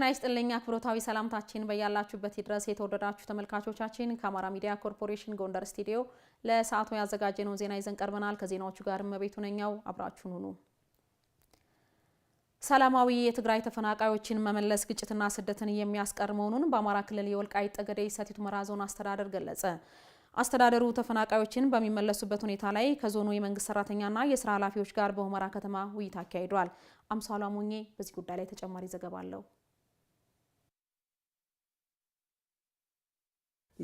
ጤና ይስጥልኝ አክብሮታዊ ሰላምታችን በያላችሁበት ድረስ የተወደዳችሁ ተመልካቾቻችን፣ ከአማራ ሚዲያ ኮርፖሬሽን ጎንደር ስቱዲዮ ለሰዓቱ ያዘጋጀነውን ዜና ይዘን ቀርበናል። ከዜናዎቹ ጋር መቤቱ ነኛው፣ አብራችሁን ሁኑ። ሰላማዊ የትግራይ ተፈናቃዮችን መመለስ ግጭትና ስደትን የሚያስቀር መሆኑን በአማራ ክልል የወልቃይት ጠገዴ ሰቲት ሁመራ ዞን አስተዳደር ገለጸ። አስተዳደሩ ተፈናቃዮችን በሚመለሱበት ሁኔታ ላይ ከዞኑ የመንግስት ሰራተኛና የስራ ኃላፊዎች ጋር በሁመራ ከተማ ውይይት አካሂዷል። አምሳሏ አሞኜ በዚህ ጉዳይ ላይ ተጨማሪ ዘገባ አለው።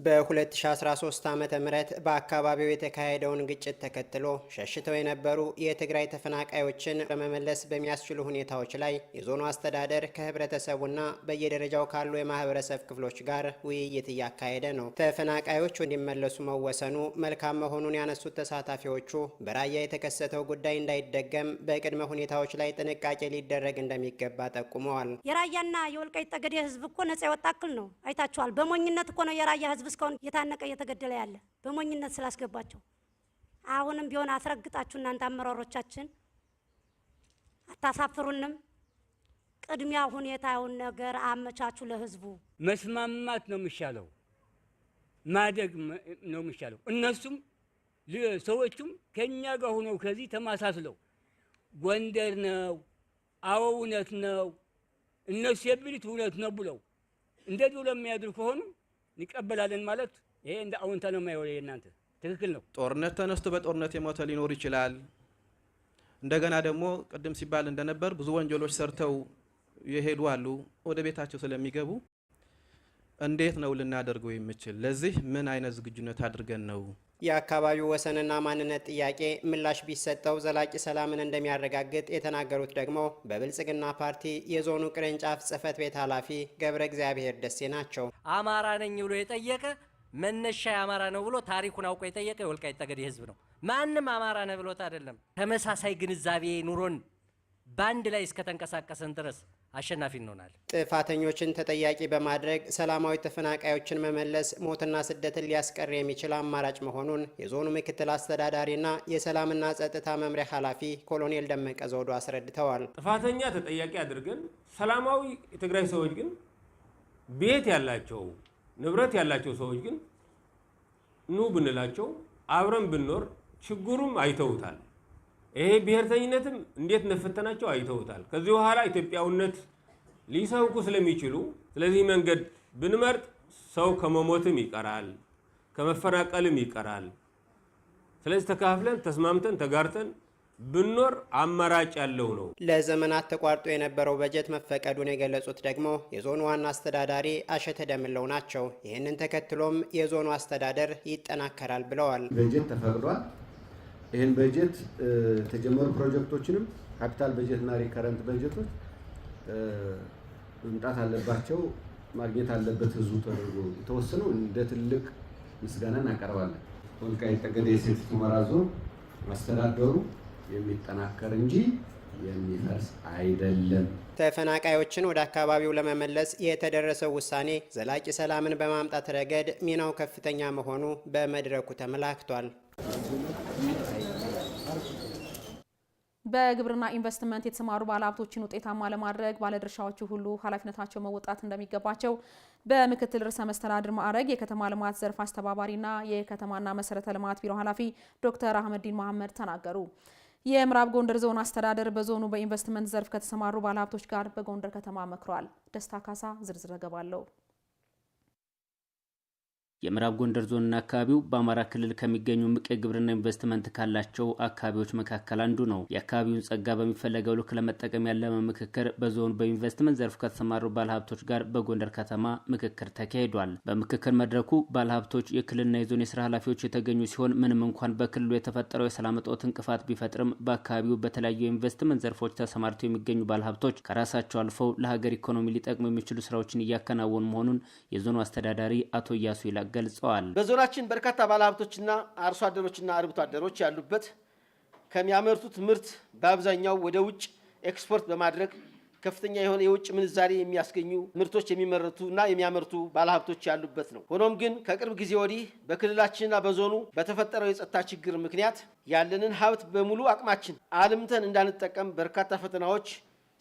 በ2013 ዓ ም በአካባቢው የተካሄደውን ግጭት ተከትሎ ሸሽተው የነበሩ የትግራይ ተፈናቃዮችን ለመመለስ በሚያስችሉ ሁኔታዎች ላይ የዞኑ አስተዳደር ከህብረተሰቡና በየደረጃው ካሉ የማህበረሰብ ክፍሎች ጋር ውይይት እያካሄደ ነው። ተፈናቃዮች እንዲመለሱ መወሰኑ መልካም መሆኑን ያነሱት ተሳታፊዎቹ በራያ የተከሰተው ጉዳይ እንዳይደገም በቅድመ ሁኔታዎች ላይ ጥንቃቄ ሊደረግ እንደሚገባ ጠቁመዋል። የራያና የወልቃይት ጠገዴ ህዝብ እኮ ነጻ የወጣ እክል ነው። አይታችኋል። በሞኝነት እኮ ነው የራያ ህዝብ ህዝብ እስካሁን እየታነቀ እየተገደለ ያለ በሞኝነት ስላስገባቸው። አሁንም ቢሆን አስረግጣችሁ እናንተ አመራሮቻችን አታሳፍሩንም። ቅድሚያ ሁኔታውን ነገር አመቻቹ። ለህዝቡ መስማማት ነው የሚሻለው፣ ማደግ ነው የሚሻለው። እነሱም ሰዎቹም ከእኛ ጋር ሆነው ከዚህ ተማሳስለው ጎንደር ነው አዎ እውነት ነው እነሱ የብሊት እውነት ነው ብለው እንደዚህ ብለው ከሆኑ እንቀበላለን ማለት ይሄ እንደ አውንተ ነው የማየው። እናንተ ትክክል ነው። ጦርነት ተነስቶ በጦርነት የሞተ ሊኖር ይችላል። እንደገና ደግሞ ቅድም ሲባል እንደነበር ብዙ ወንጀሎች ሰርተው የሄዱ አሉ። ወደ ቤታቸው ስለሚገቡ እንዴት ነው ልናደርገው የምችል? ለዚህ ምን አይነት ዝግጁነት አድርገን ነው የአካባቢው ወሰንና ማንነት ጥያቄ ምላሽ ቢሰጠው ዘላቂ ሰላምን እንደሚያረጋግጥ የተናገሩት ደግሞ በብልጽግና ፓርቲ የዞኑ ቅርንጫፍ ጽህፈት ቤት ኃላፊ ገብረ እግዚአብሔር ደሴ ናቸው። አማራ ነኝ ብሎ የጠየቀ መነሻ የአማራ ነው ብሎ ታሪኩን አውቆ የጠየቀ የወልቃይት ጠገዴ ህዝብ ነው። ማንም አማራ ነህ ብሎት አይደለም። ተመሳሳይ ግንዛቤ ኑሮን በአንድ ላይ እስከተንቀሳቀሰን ድረስ አሸናፊ እንሆናለን። ጥፋተኞችን ተጠያቂ በማድረግ ሰላማዊ ተፈናቃዮችን መመለስ ሞትና ስደትን ሊያስቀር የሚችል አማራጭ መሆኑን የዞኑ ምክትል አስተዳዳሪና የሰላምና ጸጥታ መምሪያ ኃላፊ ኮሎኔል ደመቀ ዘውዶ አስረድተዋል። ጥፋተኛ ተጠያቂ አድርገን ሰላማዊ የትግራይ ሰዎች ግን ቤት ያላቸው ንብረት ያላቸው ሰዎች ግን ኑ ብንላቸው አብረን ብንኖር ችግሩም አይተውታል። ይሄ ብሔርተኝነትም እንዴት ነፈተናቸው አይተውታል። ከዚህ በኋላ ኢትዮጵያውነት ሊሰውቁ ስለሚችሉ ስለዚህ መንገድ ብንመርጥ ሰው ከመሞትም ይቀራል፣ ከመፈናቀልም ይቀራል። ስለዚህ ተካፍለን ተስማምተን ተጋርተን ብኖር አማራጭ ያለው ነው። ለዘመናት ተቋርጦ የነበረው በጀት መፈቀዱን የገለጹት ደግሞ የዞኑ ዋና አስተዳዳሪ አሸተ ደምለው ናቸው። ይህንን ተከትሎም የዞኑ አስተዳደር ይጠናከራል ብለዋል። በጀት ተፈቅዷል ይህን በጀት የተጀመሩ ፕሮጀክቶችንም ካፒታል በጀት እና ሪከረንት በጀቶች መምጣት አለባቸው፣ ማግኘት አለበት ህዝቡ ተደርጎ የተወሰነው እንደ ትልቅ ምስጋና እናቀርባለን። ወልቃይት ጠገዴ የሴት ሁመራ ዞን አስተዳደሩ የሚጠናከር እንጂ የሚፈርስ አይደለም። ተፈናቃዮችን ወደ አካባቢው ለመመለስ የተደረሰው ውሳኔ ዘላቂ ሰላምን በማምጣት ረገድ ሚናው ከፍተኛ መሆኑ በመድረኩ ተመላክቷል። በግብርና ኢንቨስትመንት የተሰማሩ ባለሀብቶችን ውጤታማ ለማድረግ ባለድርሻዎቹ ሁሉ ኃላፊነታቸው መወጣት እንደሚገባቸው በምክትል ርዕሰ መስተዳድር ማዕረግ የከተማ ልማት ዘርፍ አስተባባሪና የከተማና መሰረተ ልማት ቢሮ ኃላፊ ዶክተር አህመዲን መሐመድ ተናገሩ። የምዕራብ ጎንደር ዞን አስተዳደር በዞኑ በኢንቨስትመንት ዘርፍ ከተሰማሩ ባለሀብቶች ጋር በጎንደር ከተማ መክሯል። ደስታ ካሳ ዝርዝር ዘገባ አለው። የምዕራብ ጎንደር ዞንና አካባቢው በአማራ ክልል ከሚገኙ ምቅ የግብርና ኢንቨስትመንት ካላቸው አካባቢዎች መካከል አንዱ ነው። የአካባቢውን ጸጋ በሚፈለገው ልክ ለመጠቀም ያለመ ምክክር በዞኑ በኢንቨስትመንት ዘርፍ ከተሰማሩ ባለሀብቶች ጋር በጎንደር ከተማ ምክክር ተካሂዷል። በምክክር መድረኩ ባለሀብቶች፣ የክልልና የዞን የስራ ኃላፊዎች የተገኙ ሲሆን ምንም እንኳን በክልሉ የተፈጠረው የሰላም እጦት እንቅፋት ቢፈጥርም በአካባቢው በተለያዩ የኢንቨስትመንት ዘርፎች ተሰማርተው የሚገኙ ባለሀብቶች ከራሳቸው አልፈው ለሀገር ኢኮኖሚ ሊጠቅሙ የሚችሉ ስራዎችን እያከናወኑ መሆኑን የዞኑ አስተዳዳሪ አቶ እያሱ ይላል ገልጸዋል። በዞናችን በርካታ ባለሀብቶችና አርሶ አደሮችና አርብቶ አደሮች ያሉበት ከሚያመርቱት ምርት በአብዛኛው ወደ ውጭ ኤክስፖርት በማድረግ ከፍተኛ የሆነ የውጭ ምንዛሬ የሚያስገኙ ምርቶች የሚመረቱ እና የሚያመርቱ ባለሀብቶች ያሉበት ነው። ሆኖም ግን ከቅርብ ጊዜ ወዲህ በክልላችንና በዞኑ በተፈጠረው የጸጥታ ችግር ምክንያት ያለንን ሀብት በሙሉ አቅማችን አልምተን እንዳንጠቀም በርካታ ፈተናዎች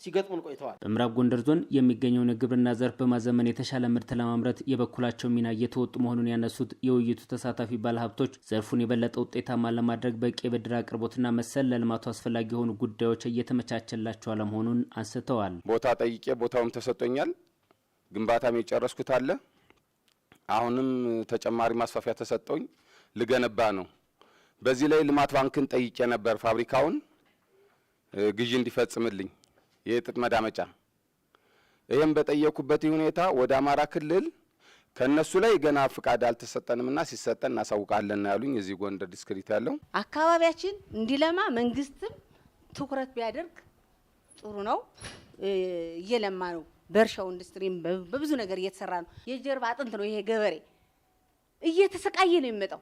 ሲገጥሙን ቆይተዋል። በምዕራብ ጎንደር ዞን የሚገኘውን የግብርና ዘርፍ በማዘመን የተሻለ ምርት ለማምረት የበኩላቸው ሚና እየተወጡ መሆኑን ያነሱት የውይይቱ ተሳታፊ ባለሀብቶች ዘርፉን የበለጠ ውጤታማ ለማድረግ በቂ የብድር አቅርቦትና መሰል ለልማቱ አስፈላጊ የሆኑ ጉዳዮች እየተመቻቸላቸው አለመሆኑን አንስተዋል። ቦታ ጠይቄ ቦታውም ተሰጥቶኛል። ግንባታም የጨረስኩት አለ። አሁንም ተጨማሪ ማስፋፊያ ተሰጠውኝ ልገነባ ነው። በዚህ ላይ ልማት ባንክን ጠይቄ ነበር ፋብሪካውን ግዢ እንዲፈጽምልኝ የጥጥ መዳመጫ። ይህም በጠየቁበት ሁኔታ ወደ አማራ ክልል ከእነሱ ላይ ገና ፍቃድ አልተሰጠንምና ሲሰጠን እናሳውቃለን ያሉኝ እዚህ ጎንደር ዲስክሪት ያለው አካባቢያችን እንዲለማ መንግስትም ትኩረት ቢያደርግ ጥሩ ነው። እየለማ ነው። በእርሻው ኢንዱስትሪም በብዙ ነገር እየተሰራ ነው። የጀርባ አጥንት ነው ይሄ ገበሬ እየተሰቃየ ነው የሚመጣው።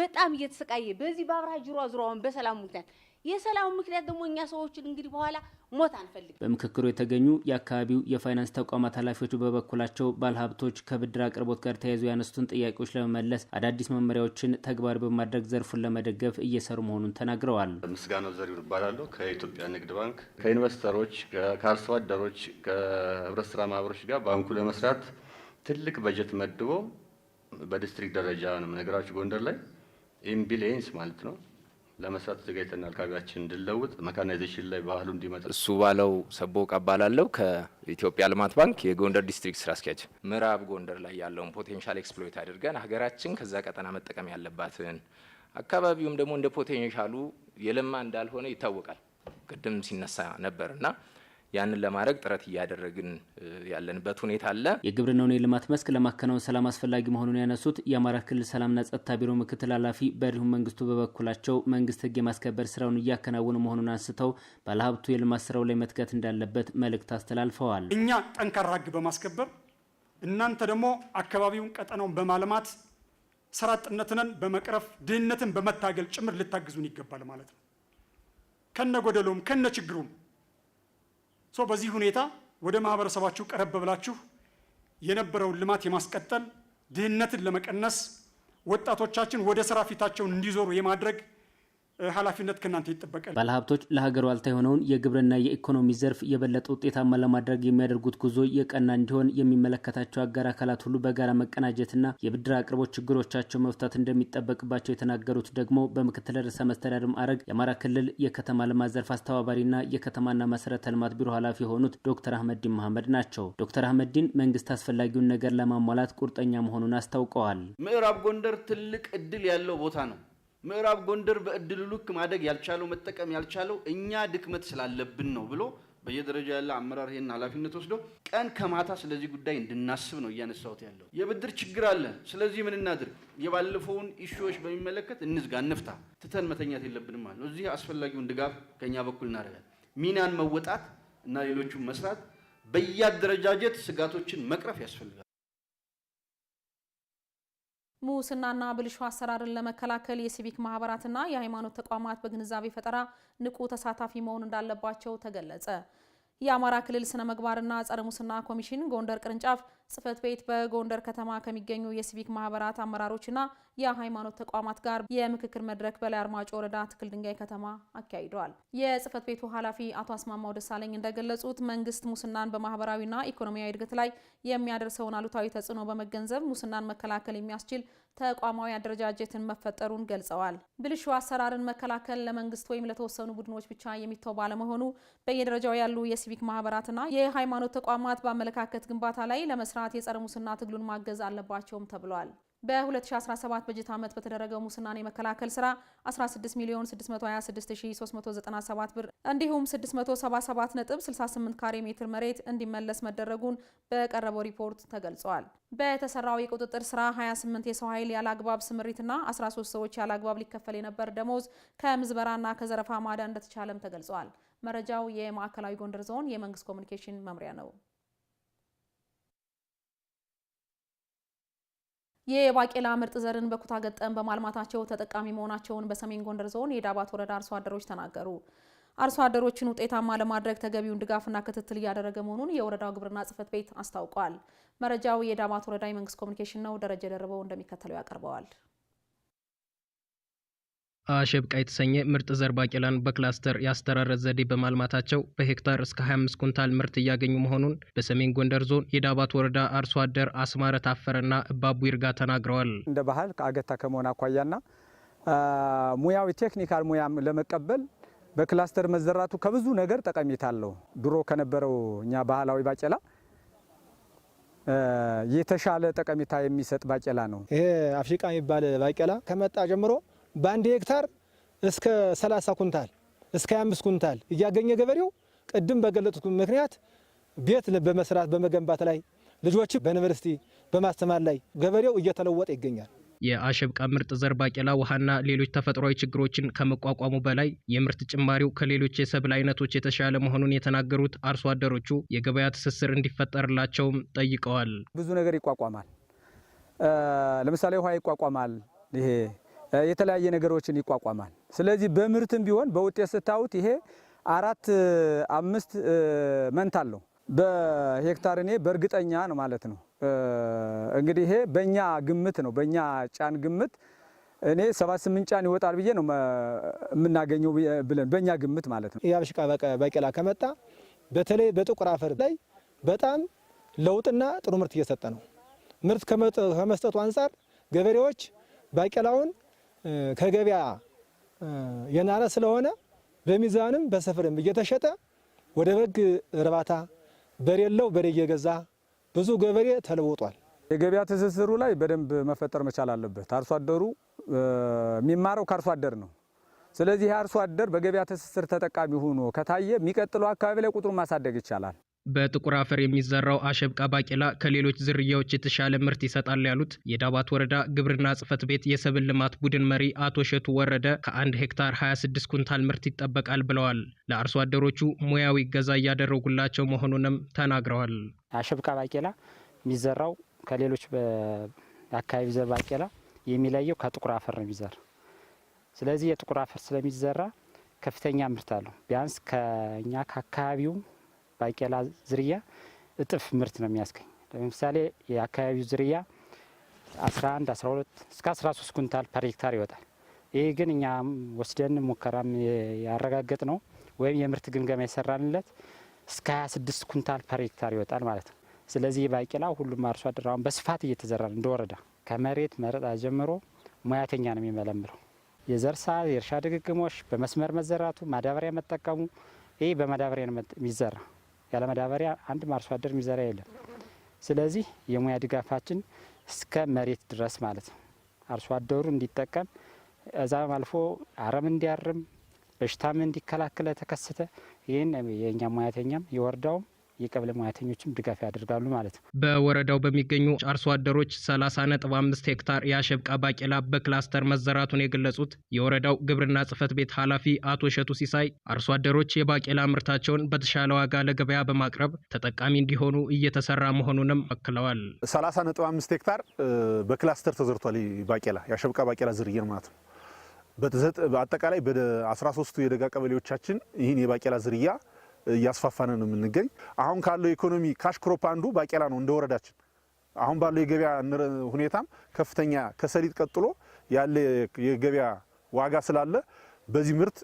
በጣም እየተሰቃየ በዚህ በአብርሃ ጅሯ ዙሯውን በሰላም ምክንያት የሰላሙ ምክንያት ደግሞ እኛ ሰዎችን እንግዲህ በኋላ ሞት አንፈልግ በምክክሩ የተገኙ የአካባቢው የፋይናንስ ተቋማት ኃላፊዎች በበኩላቸው ባለሀብቶች ከብድር አቅርቦት ጋር ተያይዞ ያነሱትን ጥያቄዎች ለመመለስ አዳዲስ መመሪያዎችን ተግባር በማድረግ ዘርፉን ለመደገፍ እየሰሩ መሆኑን ተናግረዋል። ምስጋናው ዘሪሁን እባላለሁ ከኢትዮጵያ ንግድ ባንክ ከኢንቨስተሮች፣ ከአርሶ አደሮች፣ ከህብረት ስራ ማህበሮች ጋር ባንኩ ለመስራት ትልቅ በጀት መድቦ በዲስትሪክት ደረጃ ነው ጎንደር ላይ ኢምቢሊየንስ ማለት ነው ለመስራት ተዘጋጅተናል። አካባቢያችን እንድለውጥ መካናይዜሽን ላይ ባህሉ እንዲመጣ እሱ ባለው ሰቦቃ እባላለሁ ከኢትዮጵያ ልማት ባንክ የጎንደር ዲስትሪክት ስራ አስኪያጅ። ምዕራብ ጎንደር ላይ ያለውን ፖቴንሻል ኤክስፕሎይት አድርገን ሀገራችን ከዛ ቀጠና መጠቀም ያለባትን አካባቢውም ደግሞ እንደ ፖቴንሻሉ የለማ እንዳልሆነ ይታወቃል። ቅድም ሲነሳ ነበር እና ያንን ለማድረግ ጥረት እያደረግን ያለንበት ሁኔታ አለ። የግብርናውን የልማት መስክ ለማከናወን ሰላም አስፈላጊ መሆኑን ያነሱት የአማራ ክልል ሰላምና ጸጥታ ቢሮ ምክትል ኃላፊ በሪሁን መንግስቱ በበኩላቸው መንግስት ህግ የማስከበር ስራውን እያከናወኑ መሆኑን አንስተው ባለሀብቱ የልማት ስራው ላይ መትጋት እንዳለበት መልእክት አስተላልፈዋል። እኛ ጠንካራ ህግ በማስከበር እናንተ ደግሞ አካባቢውን ቀጠናውን በማልማት ስራ አጥነትን በመቅረፍ ድህነትን በመታገል ጭምር ልታግዙን ይገባል ማለት ነው። ከነ ጎደሎም ከነ ችግሩም በዚህ ሁኔታ ወደ ማህበረሰባችሁ ቀረብ ብላችሁ የነበረውን ልማት የማስቀጠል ድህነትን ለመቀነስ ወጣቶቻችን ወደ ስራ ፊታቸውን እንዲዞሩ የማድረግ ኃላፊነት ከእናንተ ይጠበቃል። ባለሀብቶች ለሀገር ዋልታ የሆነውን የግብርና የኢኮኖሚ ዘርፍ የበለጠ ውጤታማ ለማድረግ የሚያደርጉት ጉዞ የቀና እንዲሆን የሚመለከታቸው አጋር አካላት ሁሉ በጋራ መቀናጀትና የብድር አቅርቦ ችግሮቻቸው መፍታት እንደሚጠበቅባቸው የተናገሩት ደግሞ በምክትል ርዕሰ መስተዳድር ማዕረግ የአማራ ክልል የከተማ ልማት ዘርፍ አስተባባሪና የከተማና መሰረተ ልማት ቢሮ ኃላፊ የሆኑት ዶክተር አህመዲን መሐመድ ናቸው። ዶክተር አህመዲን መንግስት አስፈላጊውን ነገር ለማሟላት ቁርጠኛ መሆኑን አስታውቀዋል። ምዕራብ ጎንደር ትልቅ እድል ያለው ቦታ ነው። ምዕራብ ጎንደር በእድሉ ልክ ማደግ ያልቻለው መጠቀም ያልቻለው እኛ ድክመት ስላለብን ነው ብሎ በየደረጃ ያለ አመራር ይህን ኃላፊነት ወስዶ ቀን ከማታ ስለዚህ ጉዳይ እንድናስብ ነው እያነሳሁት ያለው። የብድር ችግር አለ። ስለዚህ ምን እናድርግ? የባለፈውን ኢሹዎች በሚመለከት እንዝጋ፣ እንፍታ። ትተን መተኛት የለብንም ማለት ነው። እዚህ አስፈላጊውን ድጋፍ ከእኛ በኩል እናደርጋል። ሚናን መወጣት እና ሌሎቹን መስራት፣ በየአደረጃጀት ስጋቶችን መቅረፍ ያስፈልጋል። ሙስናና ብልሹ አሰራርን ለመከላከል የሲቪክ ማህበራትና የሃይማኖት ተቋማት በግንዛቤ ፈጠራ ንቁ ተሳታፊ መሆን እንዳለባቸው ተገለጸ። የአማራ ክልል ስነ ምግባርና ጸረ ሙስና ኮሚሽን ጎንደር ቅርንጫፍ ጽህፈት ቤት በጎንደር ከተማ ከሚገኙ የሲቪክ ማህበራት አመራሮችና የሃይማኖት ተቋማት ጋር የምክክር መድረክ በላይ አርማጮ ወረዳ ትክል ድንጋይ ከተማ አካሂደዋል። የጽህፈት ቤቱ ኃላፊ አቶ አስማማው ደሳለኝ እንደገለጹት መንግስት ሙስናን በማህበራዊና ኢኮኖሚያዊ እድገት ላይ የሚያደርሰውን አሉታዊ ተጽዕኖ በመገንዘብ ሙስናን መከላከል የሚያስችል ተቋማዊ አደረጃጀትን መፈጠሩን ገልጸዋል። ብልሹ አሰራርን መከላከል ለመንግስት ወይም ለተወሰኑ ቡድኖች ብቻ የሚተው ባለመሆኑ በየደረጃው ያሉ የሲቪክ ማህበራትና የሃይማኖት ተቋማት በአመለካከት ግንባታ ላይ ለመስራት የጸረ ሙስና ትግሉን ማገዝ አለባቸውም ተብሏል። በ2017 በጀት ዓመት በተደረገው ሙስናን የመከላከል ስራ 16 ሚሊዮን 626397 ብር እንዲሁም 677.68 ካሬ ሜትር መሬት እንዲመለስ መደረጉን በቀረበው ሪፖርት ተገልጿል። በተሰራው የቁጥጥር ስራ 28 የሰው ኃይል ያለአግባብ ስምሪትና 13 ሰዎች ያለአግባብ ሊከፈል የነበር ደሞዝ ከምዝበራና ከዘረፋ ማዳን እንደተቻለም ተገልጿል። መረጃው የማዕከላዊ ጎንደር ዞን የመንግስት ኮሚኒኬሽን መምሪያ ነው። የባቄላ ምርጥ ዘርን በኩታ ገጠም በማልማታቸው ተጠቃሚ መሆናቸውን በሰሜን ጎንደር ዞን የዳባት ወረዳ አርሶ አደሮች ተናገሩ። አርሶ አደሮችን ውጤታማ ለማድረግ ተገቢውን ድጋፍና ክትትል እያደረገ መሆኑን የወረዳው ግብርና ጽሕፈት ቤት አስታውቋል። መረጃው የዳባት ወረዳ የመንግስት ኮሚኒኬሽን ነው። ደረጀ ደርበው እንደሚከተለው ያቀርበዋል። አሸብቃ የተሰኘ ምርጥ ዘር ባቄላን በክላስተር የአስተራረስ ዘዴ በማልማታቸው በሄክታር እስከ 25 ኩንታል ምርት እያገኙ መሆኑን በሰሜን ጎንደር ዞን የዳባት ወረዳ አርሶ አደር አስማረ ታፈረና እባቡ ይርጋ ተናግረዋል። እንደ ባህል ከአገታ ከመሆን አኳያና ሙያዊ ቴክኒካል ሙያም ለመቀበል በክላስተር መዘራቱ ከብዙ ነገር ጠቀሜታ አለው። ድሮ ከነበረው እኛ ባህላዊ ባቄላ የተሻለ ጠቀሜታ የሚሰጥ ባቄላ ነው። ይሄ አፍሪቃ የሚባል ባቄላ ከመጣ ጀምሮ በአንድ ሄክታር እስከ 30 ኩንታል እስከ 25 ኩንታል እያገኘ ገበሬው ቅድም በገለጡት ምክንያት ቤት በመስራት በመገንባት ላይ ልጆች በዩኒቨርሲቲ በማስተማር ላይ ገበሬው እየተለወጠ ይገኛል። የአሸብቃ ምርጥ ዘር ባቄላ ውሃና ሌሎች ተፈጥሯዊ ችግሮችን ከመቋቋሙ በላይ የምርት ጭማሪው ከሌሎች የሰብል አይነቶች የተሻለ መሆኑን የተናገሩት አርሶ አደሮቹ የገበያ ትስስር እንዲፈጠርላቸውም ጠይቀዋል። ብዙ ነገር ይቋቋማል። ለምሳሌ ውሃ ይቋቋማል። ይሄ የተለያየ ነገሮችን ይቋቋማል። ስለዚህ በምርትም ቢሆን በውጤት ስታዩት ይሄ አራት አምስት መንታ አለው በሄክታር እኔ በእርግጠኛ ነው ማለት ነው። እንግዲህ ይሄ በእኛ ግምት ነው፣ በእኛ ጫን ግምት እኔ 78 ጫን ይወጣል ብዬ ነው የምናገኘው ብለን በእኛ ግምት ማለት ነው። የአብሽቃ ባቄላ ከመጣ በተለይ በጥቁር አፈር ላይ በጣም ለውጥና ጥሩ ምርት እየሰጠ ነው። ምርት ከመስጠቱ አንጻር ገበሬዎች ባቄላውን ከገበያ የናረ ስለሆነ በሚዛንም በሰፍርም እየተሸጠ ወደ በግ እርባታ በሬለው በሬ እየገዛ ብዙ ገበሬ ተለውጧል። የገበያ ትስስሩ ላይ በደንብ መፈጠር መቻል አለበት። አርሶ አደሩ የሚማረው ከአርሶ አደር ነው። ስለዚህ አርሶ አደር በገበያ ትስስር ተጠቃሚ ሆኖ ከታየ የሚቀጥለው አካባቢ ላይ ቁጥሩን ማሳደግ ይቻላል። በጥቁር አፈር የሚዘራው አሸብቃ ባቄላ ከሌሎች ዝርያዎች የተሻለ ምርት ይሰጣል ያሉት የዳባት ወረዳ ግብርና ጽሕፈት ቤት የሰብል ልማት ቡድን መሪ አቶ ሸቱ ወረደ ከአንድ ሄክታር 26 ኩንታል ምርት ይጠበቃል ብለዋል። ለአርሶ አደሮቹ ሙያዊ እገዛ እያደረጉላቸው መሆኑንም ተናግረዋል። አሸብቃ ባቄላ የሚዘራው ከሌሎች አካባቢ ዘር ባቄላ የሚለየው ከጥቁር አፈር ነው የሚዘራ። ስለዚህ የጥቁር አፈር ስለሚዘራ ከፍተኛ ምርት አለው። ቢያንስ ከኛ ከአካባቢው ባቄላ ዝርያ እጥፍ ምርት ነው የሚያስገኝ። ለምሳሌ የአካባቢው ዝርያ 11፣ 12 እስከ 13 ኩንታል ፐር ሄክታር ይወጣል። ይህ ግን እኛ ወስደን ሙከራም ያረጋገጥ ነው ወይም የምርት ግምገማ የሰራንለት እስከ 26 ኩንታል ፐር ሄክታር ይወጣል ማለት ነው። ስለዚህ ባቄላ ሁሉም አርሶ አደር አሁን በስፋት እየተዘራ ነው። እንደወረዳ ከመሬት መረጣ ጀምሮ ሙያተኛ ነው የሚመለምለው። የዘር ሰዓት፣ የእርሻ ድግግሞሽ፣ በመስመር መዘራቱ፣ ማዳበሪያ መጠቀሙ ይህ በማዳበሪያ ነው የሚዘራ ያለ አንድ አርሶ አደር የሚዘራ የለም። ስለዚህ የሙያ ድጋፋችን እስከ መሬት ድረስ ማለት ነው አርሶ አደሩ እንዲጠቀም እዛም አልፎ አረም እንዲያርም በሽታም እንዲከላከል ተከስተ ይህን የእኛ ሙያተኛም የወረዳውም የቀበሌ ሙያተኞችም ድጋፍ ያደርጋሉ ማለት ነው። በወረዳው በሚገኙ አርሶ አደሮች 30.5 ሄክታር የአሸብቃ ባቄላ በክላስተር መዘራቱን የገለጹት የወረዳው ግብርና ጽህፈት ቤት ኃላፊ አቶ እሸቱ ሲሳይ አርሶ አደሮች የባቄላ ምርታቸውን በተሻለ ዋጋ ለገበያ በማቅረብ ተጠቃሚ እንዲሆኑ እየተሰራ መሆኑንም አክለዋል። 30.5 ሄክታር በክላስተር ተዘርቷል። ባቄላ የአሸብቃ ባቄላ ዝርያ ማለት ነው። በአጠቃላይ በ13ቱ የደጋ ቀበሌዎቻችን ይህን የባቄላ ዝርያ እያስፋፋን ነው የምንገኝ። አሁን ካለው ኢኮኖሚ ካሽ ክሮፕ አንዱ ባቄላ ነው እንደ ወረዳችን። አሁን ባለው የገበያ ሁኔታም ከፍተኛ ከሰሊጥ ቀጥሎ ያለ የገበያ ዋጋ ስላለ በዚህ ምርት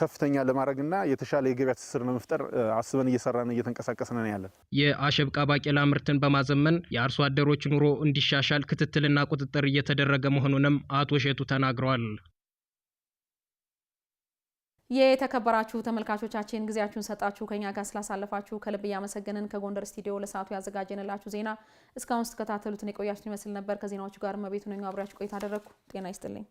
ከፍተኛ ለማድረግና የተሻለ የገበያ ትስስር ለመፍጠር አስበን እየሰራን እየተንቀሳቀስን ነው ያለን። የአሸብቃ ባቄላ ምርትን በማዘመን የአርሶ አደሮች ኑሮ እንዲሻሻል ክትትልና ቁጥጥር እየተደረገ መሆኑንም አቶ ሼቱ ተናግረዋል። የተከበራችሁ ተመልካቾቻችን ጊዜያችሁን ሰጣችሁ ከኛ ጋር ስላሳለፋችሁ ከልብ እያመሰገንን ከጎንደር ስቱዲዮ ለሰዓቱ ያዘጋጀንላችሁ ዜና እስካሁን ስትከታተሉትን የቆያችሁን ይመስል ነበር። ከዜናዎቹ ጋር እመቤቱ ነኝ አብሪያችሁ ቆይታ አደረግኩ። ጤና ይስጥልኝ።